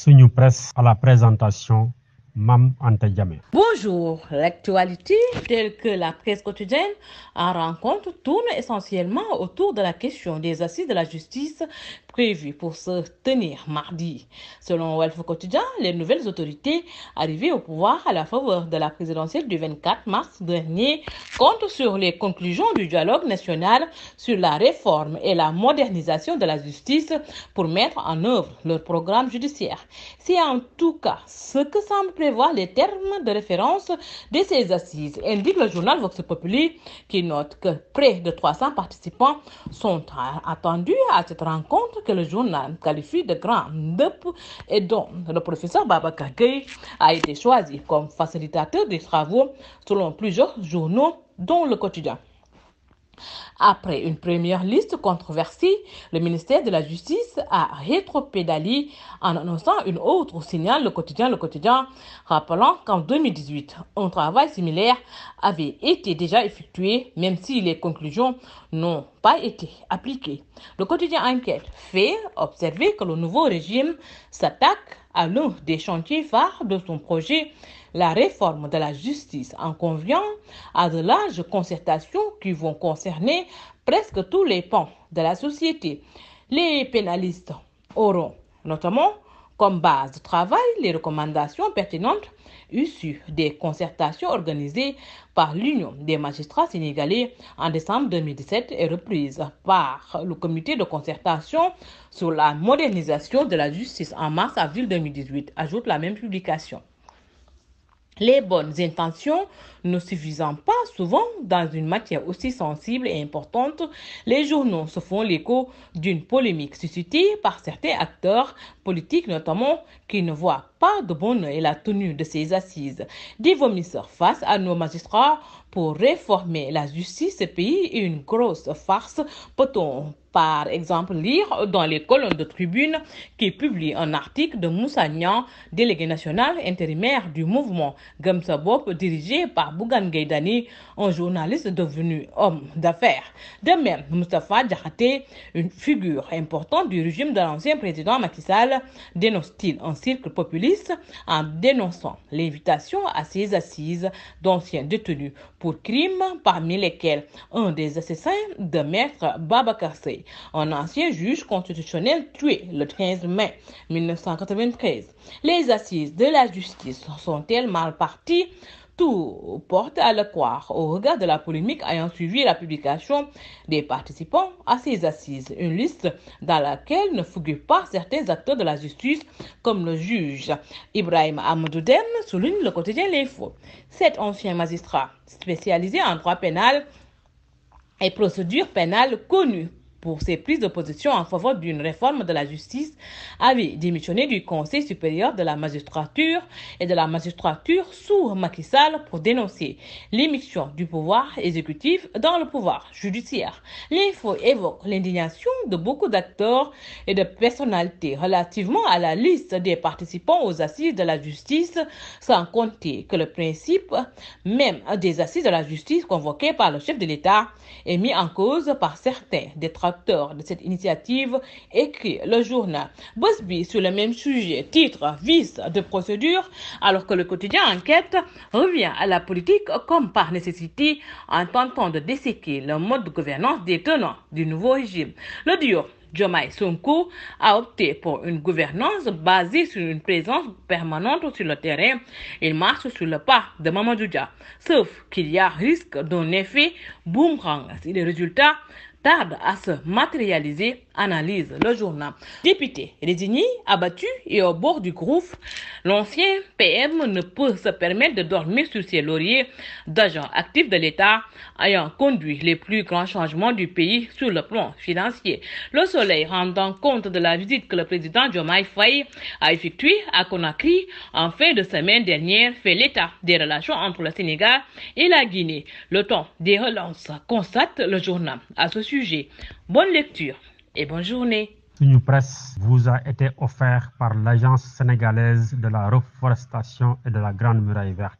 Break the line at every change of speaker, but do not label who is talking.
suñu presse à la présentation Mme Anta l'actualité telle que la presse quotidienne en rencontre tourne essentiellement autour de la question des assises de la justice prévues pour se tenir mardi. Selon Wealth Quotidien, les nouvelles autorités arrivées au pouvoir à la faveur de la présidentielle du 24 mars dernier comptent sur les conclusions du dialogue national sur la réforme et la modernisation de la justice pour mettre en œuvre leur programme judiciaire. C'est en tout cas ce que semblent prévoir les termes de référence de ces assises. Indique le journal Vox Populi qui note que près de 300 participants sont attendus à cette rencontre que le journal qualifie de grande et dont le professeur Baba Gueye a été choisi comme facilitateur des travaux selon plusieurs journaux dont le quotidien après une première liste controversée, le ministère de la Justice a rétropédalé en annonçant une autre au signal Le Quotidien, Le Quotidien, rappelant qu'en 2018, un travail similaire avait été déjà effectué, même si les conclusions n'ont pas été appliquées. Le Quotidien enquête fait observer que le nouveau régime s'attaque à l'un des chantiers phares de son projet la réforme de la justice en convient à de larges concertations qui vont concerner presque tous les pans de la société. Les pénalistes auront notamment comme base de travail les recommandations pertinentes issues des concertations organisées par l'Union des magistrats sénégalais en décembre 2017 et reprises par le comité de concertation sur la modernisation de la justice en mars-avril 2018, ajoute la même publication. Les bonnes intentions ne suffisant pas souvent dans une matière aussi sensible et importante, les journaux se font l'écho d'une polémique suscitée par certains acteurs politiques notamment qui ne voient pas de bonne et la tenue de ces assises. Des vomisseurs face à nos magistrats pour réformer la justice, ce pays une grosse farce. Peut-on par exemple lire dans les colonnes de tribune qui publie un article de Moussa Nian, délégué national intérimaire du mouvement Gamsabop dirigé par Bougan Gaidani, un journaliste devenu homme d'affaires. De même, Mustafa Djarate, une figure importante du régime de l'ancien président Macky Sall, dénonce-t-il un cirque populaire en dénonçant l'invitation à ces assises d'anciens détenus pour crimes parmi lesquels un des assassins de maître Babakassé, un ancien juge constitutionnel tué le 13 mai 1993. Les assises de la justice sont-elles mal parties tout porte à le croire au regard de la polémique ayant suivi la publication des participants à ces assises, une liste dans laquelle ne figurent pas certains acteurs de la justice comme le juge Ibrahim Amadouden, souligne le quotidien L'Info. Cet ancien magistrat spécialisé en droit pénal et procédure pénale, connue pour ses prises de position en faveur d'une réforme de la justice, avait démissionné du Conseil supérieur de la magistrature et de la magistrature sous Macky Sall pour dénoncer l'émission du pouvoir exécutif dans le pouvoir judiciaire. L'info évoque l'indignation de beaucoup d'acteurs et de personnalités relativement à la liste des participants aux assises de la justice, sans compter que le principe même des assises de la justice convoquées par le chef de l'État est mis en cause par certains des travailleurs de cette initiative, écrit le journal. Bosby, sur le même sujet, titre vice de procédure, alors que le quotidien enquête revient à la politique comme par nécessité en tentant de desséquer le mode de gouvernance des tenants du nouveau régime. Le duo Jomai Sonko a opté pour une gouvernance basée sur une présence permanente sur le terrain. Il marche sur le pas de Mamadouja, sauf qu'il y a risque d'un effet boomerang si les résultats tarde à se matérialiser analyse le journal. Député résigné, abattu et au bord du groupe, l'ancien PM ne peut se permettre de dormir sur ses lauriers d'agents actifs de l'État ayant conduit les plus grands changements du pays sur le plan financier. Le Soleil rendant compte de la visite que le président Jomai Faye a effectuée à Conakry en fin de semaine dernière fait l'état des relations entre le Sénégal et la Guinée. Le temps des relances constate le journal à ce sujet. Bonne lecture et bonne journée. Une presse vous a été offerte par l'Agence sénégalaise de la reforestation et de la Grande Muraille Verte.